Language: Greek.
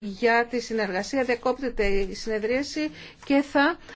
για τη συνεργασία. Διακόπτεται η συνεδρίαση και θα